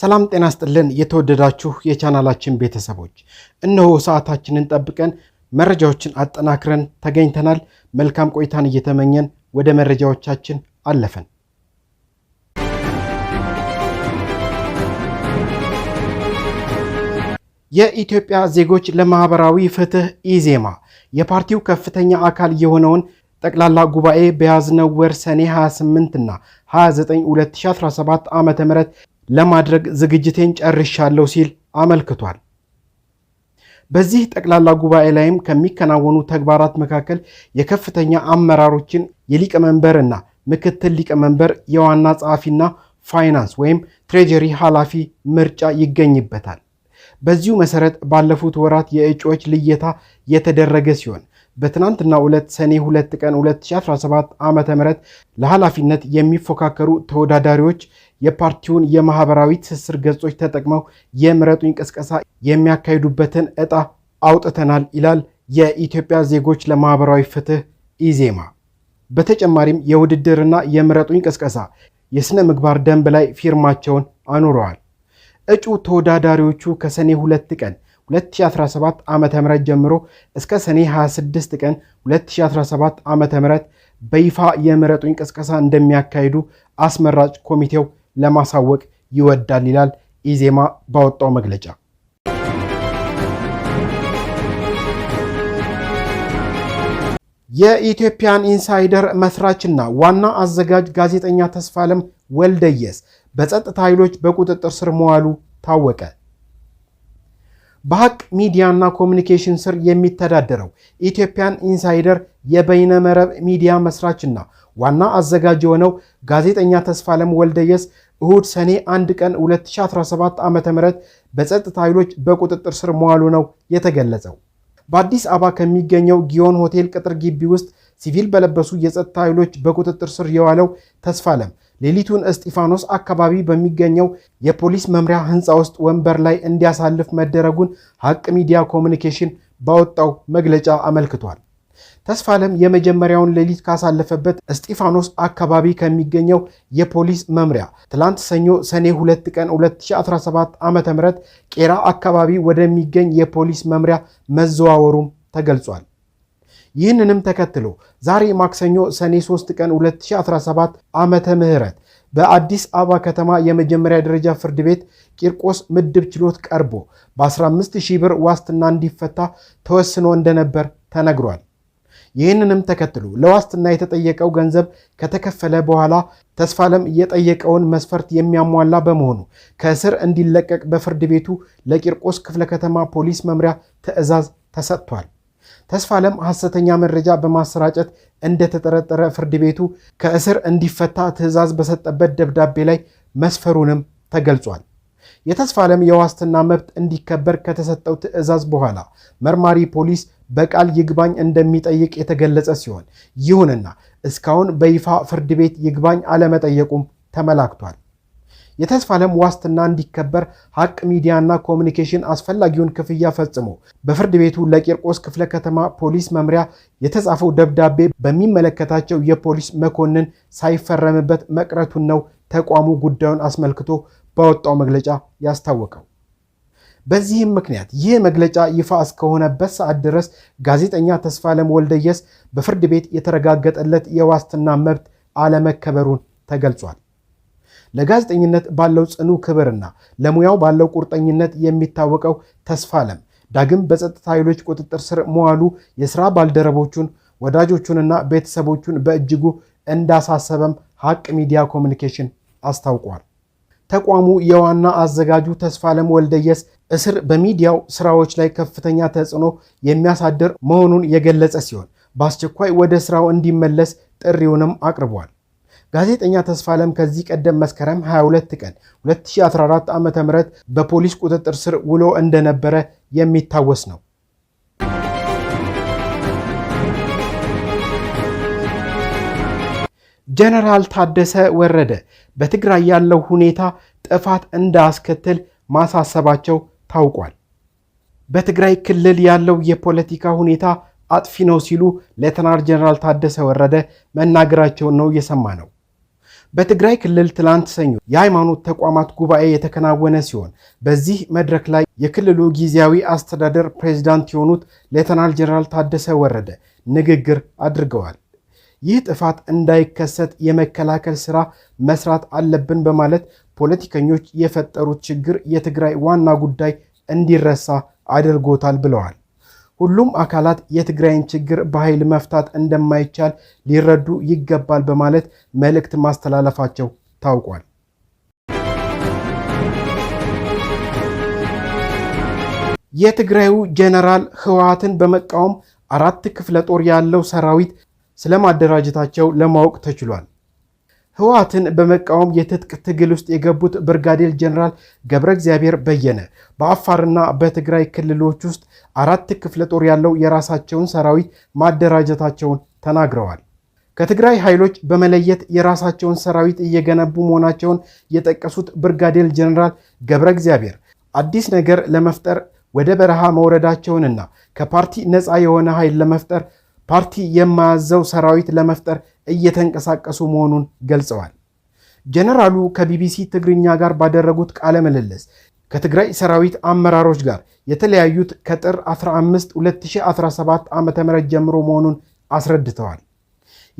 ሰላም ጤና ስጥልን። የተወደዳችሁ የቻናላችን ቤተሰቦች፣ እነሆ ሰዓታችንን ጠብቀን መረጃዎችን አጠናክረን ተገኝተናል። መልካም ቆይታን እየተመኘን ወደ መረጃዎቻችን አለፈን። የኢትዮጵያ ዜጎች ለማህበራዊ ፍትህ ኢዜማ የፓርቲው ከፍተኛ አካል የሆነውን ጠቅላላ ጉባኤ በያዝነው ወር ሰኔ 28 እና 29 2017 ም ለማድረግ ዝግጅቴን ጨርሻለሁ ሲል አመልክቷል። በዚህ ጠቅላላ ጉባኤ ላይም ከሚከናወኑ ተግባራት መካከል የከፍተኛ አመራሮችን የሊቀመንበርና ምክትል ሊቀመንበር የዋና ጸሐፊና ፋይናንስ ወይም ትሬጀሪ ኃላፊ ምርጫ ይገኝበታል። በዚሁ መሰረት ባለፉት ወራት የእጩዎች ልየታ የተደረገ ሲሆን በትናንትና ሁለት ሰኔ ሁለት ቀን 2017 ዓ ም ለኃላፊነት የሚፎካከሩ ተወዳዳሪዎች የፓርቲውን የማህበራዊ ትስስር ገጾች ተጠቅመው የምረጡኝ ቅስቀሳ የሚያካሂዱበትን ዕጣ አውጥተናል ይላል የኢትዮጵያ ዜጎች ለማህበራዊ ፍትህ ኢዜማ። በተጨማሪም የውድድርና የምረጡኝ ቅስቀሳ የሥነ ምግባር ደንብ ላይ ፊርማቸውን አኑረዋል። እጩ ተወዳዳሪዎቹ ከሰኔ ሁለት ቀን 2017 ዓ ም ጀምሮ እስከ ሰኔ 26 ቀን 2017 ዓ ም በይፋ የምረጡኝ ቅስቀሳ እንደሚያካሂዱ አስመራጭ ኮሚቴው ለማሳወቅ ይወዳል ይላል ኢዜማ ባወጣው መግለጫ። የኢትዮጵያን ኢንሳይደር መስራችና ዋና አዘጋጅ ጋዜጠኛ ተስፋለም ወልደየስ በጸጥታ ኃይሎች በቁጥጥር ስር መዋሉ ታወቀ። በሀቅ ሚዲያና ኮሚኒኬሽን ስር የሚተዳደረው ኢትዮጵያን ኢንሳይደር የበይነመረብ መረብ ሚዲያ መስራችና ዋና አዘጋጅ የሆነው ጋዜጠኛ ተስፋለም ወልደየስ እሁድ ሰኔ 1 ቀን 2017 ዓ ም በጸጥታ ኃይሎች በቁጥጥር ስር መዋሉ ነው የተገለጸው። በአዲስ አበባ ከሚገኘው ጊዮን ሆቴል ቅጥር ግቢ ውስጥ ሲቪል በለበሱ የጸጥታ ኃይሎች በቁጥጥር ስር የዋለው ተስፋለም ሌሊቱን እስጢፋኖስ አካባቢ በሚገኘው የፖሊስ መምሪያ ህንፃ ውስጥ ወንበር ላይ እንዲያሳልፍ መደረጉን ሀቅ ሚዲያ ኮሚኒኬሽን ባወጣው መግለጫ አመልክቷል። ተስፋለም የመጀመሪያውን ሌሊት ካሳለፈበት እስጢፋኖስ አካባቢ ከሚገኘው የፖሊስ መምሪያ ትላንት ሰኞ ሰኔ 2 ቀን 2017 ዓ ም ቄራ አካባቢ ወደሚገኝ የፖሊስ መምሪያ መዘዋወሩም ተገልጿል። ይህንንም ተከትሎ ዛሬ ማክሰኞ ሰኔ 3 ቀን 2017 ዓመተ ምህረት በአዲስ አበባ ከተማ የመጀመሪያ ደረጃ ፍርድ ቤት ቂርቆስ ምድብ ችሎት ቀርቦ በ15 ሺህ ብር ዋስትና እንዲፈታ ተወስኖ እንደነበር ተነግሯል። ይህንንም ተከትሎ ለዋስትና የተጠየቀው ገንዘብ ከተከፈለ በኋላ ተስፋለም የጠየቀውን መስፈርት የሚያሟላ በመሆኑ ከእስር እንዲለቀቅ በፍርድ ቤቱ ለቂርቆስ ክፍለ ከተማ ፖሊስ መምሪያ ትዕዛዝ ተሰጥቷል። ተስፋለም ሐሰተኛ መረጃ በማሰራጨት እንደተጠረጠረ ፍርድ ቤቱ ከእስር እንዲፈታ ትዕዛዝ በሰጠበት ደብዳቤ ላይ መስፈሩንም ተገልጿል። የተስፋለም የዋስትና መብት እንዲከበር ከተሰጠው ትዕዛዝ በኋላ መርማሪ ፖሊስ በቃል ይግባኝ እንደሚጠይቅ የተገለጸ ሲሆን ይሁንና እስካሁን በይፋ ፍርድ ቤት ይግባኝ አለመጠየቁም ተመላክቷል። የተስፋ ዓለም ዋስትና እንዲከበር ሀቅ ሚዲያና ኮሚኒኬሽን አስፈላጊውን ክፍያ ፈጽሞ በፍርድ ቤቱ ለቂርቆስ ክፍለ ከተማ ፖሊስ መምሪያ የተጻፈው ደብዳቤ በሚመለከታቸው የፖሊስ መኮንን ሳይፈረምበት መቅረቱን ነው ተቋሙ ጉዳዩን አስመልክቶ ባወጣው መግለጫ ያስታወቀው። በዚህም ምክንያት ይህ መግለጫ ይፋ እስከሆነበት ሰዓት ድረስ ጋዜጠኛ ተስፋ ዓለም ወልደየስ በፍርድ ቤት የተረጋገጠለት የዋስትና መብት አለመከበሩን ተገልጿል። ለጋዜጠኝነት ባለው ጽኑ ክብርና ለሙያው ባለው ቁርጠኝነት የሚታወቀው ተስፋለም ዳግም በጸጥታ ኃይሎች ቁጥጥር ስር መዋሉ የሥራ ባልደረቦቹን ወዳጆቹንና ቤተሰቦቹን በእጅጉ እንዳሳሰበም ሐቅ ሚዲያ ኮሚኒኬሽን አስታውቋል። ተቋሙ የዋና አዘጋጁ ተስፋለም ወልደየስ እስር በሚዲያው ስራዎች ላይ ከፍተኛ ተጽዕኖ የሚያሳድር መሆኑን የገለጸ ሲሆን በአስቸኳይ ወደ ስራው እንዲመለስ ጥሪውንም አቅርቧል። ጋዜጠኛ ተስፋ ዓለም ከዚህ ቀደም መስከረም 22 ቀን 2014 ዓ ም በፖሊስ ቁጥጥር ስር ውሎ እንደነበረ የሚታወስ ነው። ጀነራል ታደሰ ወረደ በትግራይ ያለው ሁኔታ ጥፋት እንዳያስከትል ማሳሰባቸው ታውቋል። በትግራይ ክልል ያለው የፖለቲካ ሁኔታ አጥፊ ነው ሲሉ ሌተናል ጀነራል ታደሰ ወረደ መናገራቸውን ነው እየሰማ ነው። በትግራይ ክልል ትላንት ሰኞ የሃይማኖት ተቋማት ጉባኤ የተከናወነ ሲሆን በዚህ መድረክ ላይ የክልሉ ጊዜያዊ አስተዳደር ፕሬዚዳንት የሆኑት ሌተናል ጀነራል ታደሰ ወረደ ንግግር አድርገዋል። ይህ ጥፋት እንዳይከሰት የመከላከል ስራ መስራት አለብን በማለት ፖለቲከኞች የፈጠሩት ችግር የትግራይ ዋና ጉዳይ እንዲረሳ አድርጎታል ብለዋል። ሁሉም አካላት የትግራይን ችግር በኃይል መፍታት እንደማይቻል ሊረዱ ይገባል በማለት መልእክት ማስተላለፋቸው ታውቋል። የትግራዩ ጄኔራል ህወሓትን በመቃወም አራት ክፍለ ጦር ያለው ሰራዊት ስለማደራጀታቸው ለማወቅ ተችሏል። ህወሓትን በመቃወም የትጥቅ ትግል ውስጥ የገቡት ብርጋዴር ጀኔራል ገብረ እግዚአብሔር በየነ በአፋርና በትግራይ ክልሎች ውስጥ አራት ክፍለ ጦር ያለው የራሳቸውን ሰራዊት ማደራጀታቸውን ተናግረዋል። ከትግራይ ኃይሎች በመለየት የራሳቸውን ሰራዊት እየገነቡ መሆናቸውን የጠቀሱት ብርጋዴር ጀኔራል ገብረ እግዚአብሔር አዲስ ነገር ለመፍጠር ወደ በረሃ መውረዳቸውንና ከፓርቲ ነፃ የሆነ ኃይል ለመፍጠር ፓርቲ የማያዘው ሰራዊት ለመፍጠር እየተንቀሳቀሱ መሆኑን ገልጸዋል። ጀነራሉ ከቢቢሲ ትግርኛ ጋር ባደረጉት ቃለ ምልልስ ከትግራይ ሰራዊት አመራሮች ጋር የተለያዩት ከጥር 15 2017 ዓ ም ጀምሮ መሆኑን አስረድተዋል።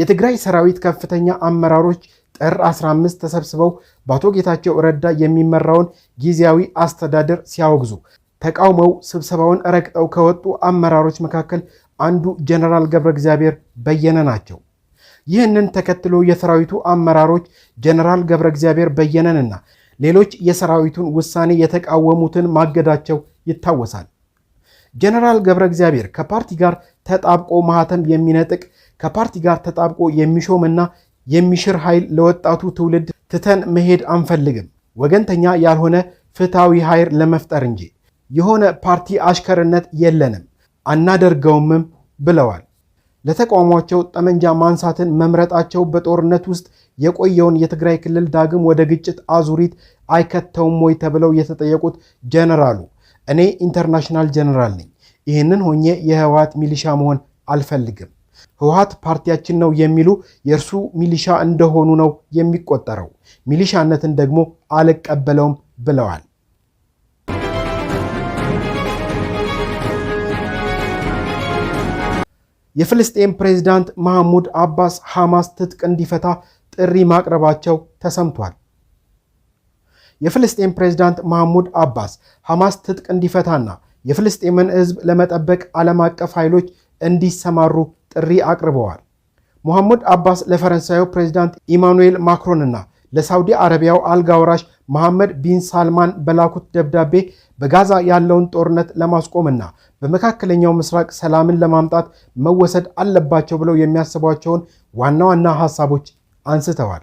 የትግራይ ሰራዊት ከፍተኛ አመራሮች ጥር 15 ተሰብስበው በአቶ ጌታቸው ረዳ የሚመራውን ጊዜያዊ አስተዳደር ሲያወግዙ ተቃውመው ስብሰባውን ረግጠው ከወጡ አመራሮች መካከል አንዱ ጀነራል ገብረ እግዚአብሔር በየነ ናቸው። ይህንን ተከትሎ የሰራዊቱ አመራሮች ጀነራል ገብረ እግዚአብሔር በየነንና ሌሎች የሰራዊቱን ውሳኔ የተቃወሙትን ማገዳቸው ይታወሳል። ጀነራል ገብረ እግዚአብሔር ከፓርቲ ጋር ተጣብቆ ማህተም የሚነጥቅ ከፓርቲ ጋር ተጣብቆ የሚሾምና የሚሽር ኃይል ለወጣቱ ትውልድ ትተን መሄድ አንፈልግም፣ ወገንተኛ ያልሆነ ፍትሐዊ ኃይል ለመፍጠር እንጂ የሆነ ፓርቲ አሽከርነት የለንም አናደርገውምም ብለዋል። ለተቃውሟቸው ጠመንጃ ማንሳትን መምረጣቸው በጦርነት ውስጥ የቆየውን የትግራይ ክልል ዳግም ወደ ግጭት አዙሪት አይከተውም ወይ ተብለው የተጠየቁት ጀነራሉ እኔ ኢንተርናሽናል ጀነራል ነኝ፣ ይህንን ሆኜ የህወሀት ሚሊሻ መሆን አልፈልግም፣ ህወሀት ፓርቲያችን ነው የሚሉ የእርሱ ሚሊሻ እንደሆኑ ነው የሚቆጠረው፣ ሚሊሻነትን ደግሞ አልቀበለውም ብለዋል። የፍልስጤም ፕሬዝዳንት ማህሙድ አባስ ሐማስ ትጥቅ እንዲፈታ ጥሪ ማቅረባቸው ተሰምቷል። የፍልስጤም ፕሬዝዳንት ማህሙድ አባስ ሐማስ ትጥቅ እንዲፈታና የፍልስጤምን ሕዝብ ለመጠበቅ ዓለም አቀፍ ኃይሎች እንዲሰማሩ ጥሪ አቅርበዋል። ሙሐሙድ አባስ ለፈረንሳዩ ፕሬዝዳንት ኢማኑኤል ማክሮንና ለሳውዲ አረቢያው ወራሽ ። መሐመድ ቢን ሳልማን በላኩት ደብዳቤ በጋዛ ያለውን ጦርነት ለማስቆምና በመካከለኛው ምስራቅ ሰላምን ለማምጣት መወሰድ አለባቸው ብለው የሚያስቧቸውን ዋና ዋና ሐሳቦች አንስተዋል።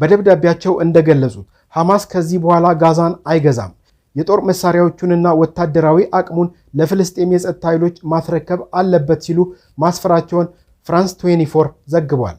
በደብዳቤያቸው እንደገለጹት ሐማስ ከዚህ በኋላ ጋዛን አይገዛም፣ የጦር መሳሪያዎቹንና ወታደራዊ አቅሙን ለፍልስጤም የጸጥታ ኃይሎች ማስረከብ አለበት ሲሉ ማስፈራቸውን ፍራንስ 24 ዘግቧል።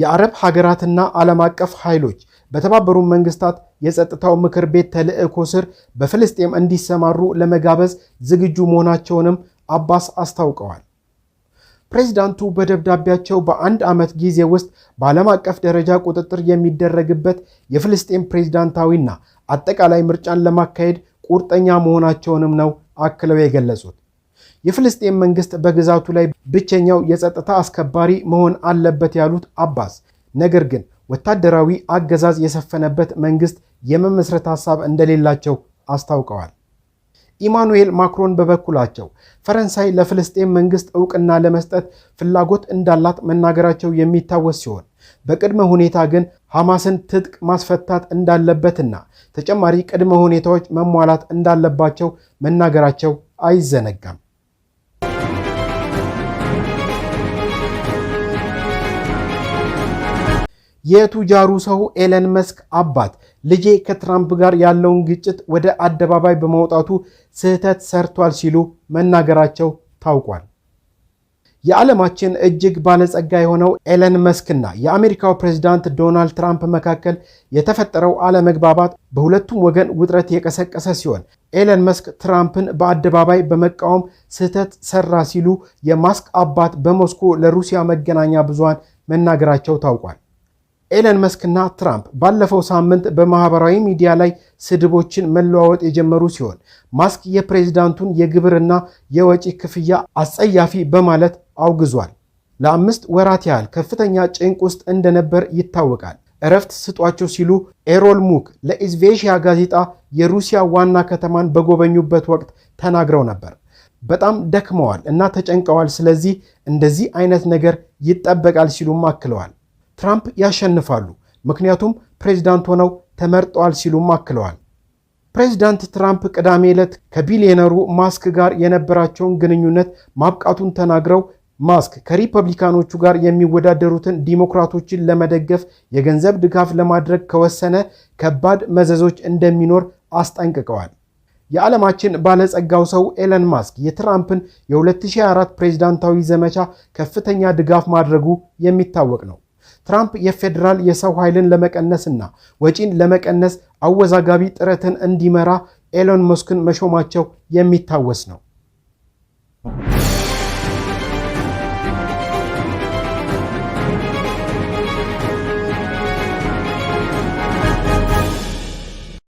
የአረብ ሀገራትና ዓለም አቀፍ ኃይሎች በተባበሩ መንግስታት የጸጥታው ምክር ቤት ተልዕኮ ስር በፍልስጤም እንዲሰማሩ ለመጋበዝ ዝግጁ መሆናቸውንም አባስ አስታውቀዋል። ፕሬዚዳንቱ በደብዳቤያቸው በአንድ ዓመት ጊዜ ውስጥ በዓለም አቀፍ ደረጃ ቁጥጥር የሚደረግበት የፍልስጤም ፕሬዚዳንታዊና አጠቃላይ ምርጫን ለማካሄድ ቁርጠኛ መሆናቸውንም ነው አክለው የገለጹት። የፍልስጤም መንግስት በግዛቱ ላይ ብቸኛው የጸጥታ አስከባሪ መሆን አለበት ያሉት አባስ ነገር ግን ወታደራዊ አገዛዝ የሰፈነበት መንግስት የመመስረት ሀሳብ እንደሌላቸው አስታውቀዋል። ኢማኑኤል ማክሮን በበኩላቸው ፈረንሳይ ለፍልስጤም መንግስት እውቅና ለመስጠት ፍላጎት እንዳላት መናገራቸው የሚታወስ ሲሆን በቅድመ ሁኔታ ግን ሐማስን ትጥቅ ማስፈታት እንዳለበትና ተጨማሪ ቅድመ ሁኔታዎች መሟላት እንዳለባቸው መናገራቸው አይዘነጋም። የቱጃሩ ሰው ኤለን መስክ አባት ልጄ ከትራምፕ ጋር ያለውን ግጭት ወደ አደባባይ በማውጣቱ ስህተት ሰርቷል ሲሉ መናገራቸው ታውቋል። የዓለማችን እጅግ ባለጸጋ የሆነው ኤለን መስክና የአሜሪካው ፕሬዚዳንት ዶናልድ ትራምፕ መካከል የተፈጠረው አለመግባባት በሁለቱም ወገን ውጥረት የቀሰቀሰ ሲሆን ኤለን መስክ ትራምፕን በአደባባይ በመቃወም ስህተት ሰራ ሲሉ የማስክ አባት በሞስኮ ለሩሲያ መገናኛ ብዙሃን መናገራቸው ታውቋል። ኤለን መስክና ትራምፕ ባለፈው ሳምንት በማህበራዊ ሚዲያ ላይ ስድቦችን መለዋወጥ የጀመሩ ሲሆን ማስክ የፕሬዚዳንቱን የግብርና የወጪ ክፍያ አጸያፊ በማለት አውግዟል። ለአምስት ወራት ያህል ከፍተኛ ጭንቅ ውስጥ እንደነበር ይታወቃል። እረፍት ስጧቸው ሲሉ ኤሮል ሙክ ለኢዝቬሽያ ጋዜጣ የሩሲያ ዋና ከተማን በጎበኙበት ወቅት ተናግረው ነበር። በጣም ደክመዋል እና ተጨንቀዋል፣ ስለዚህ እንደዚህ አይነት ነገር ይጠበቃል ሲሉም አክለዋል። ትራምፕ ያሸንፋሉ፣ ምክንያቱም ፕሬዚዳንት ሆነው ተመርጠዋል ሲሉም አክለዋል። ፕሬዚዳንት ትራምፕ ቅዳሜ ዕለት ከቢሊዮነሩ ማስክ ጋር የነበራቸውን ግንኙነት ማብቃቱን ተናግረው ማስክ ከሪፐብሊካኖቹ ጋር የሚወዳደሩትን ዲሞክራቶችን ለመደገፍ የገንዘብ ድጋፍ ለማድረግ ከወሰነ ከባድ መዘዞች እንደሚኖር አስጠንቅቀዋል። የዓለማችን ባለጸጋው ሰው ኤለን ማስክ የትራምፕን የ2024 ፕሬዝዳንታዊ ዘመቻ ከፍተኛ ድጋፍ ማድረጉ የሚታወቅ ነው። ትራምፕ የፌዴራል የሰው ኃይልን ለመቀነስና ወጪን ለመቀነስ አወዛጋቢ ጥረትን እንዲመራ ኤሎን መስክን መሾማቸው የሚታወስ ነው።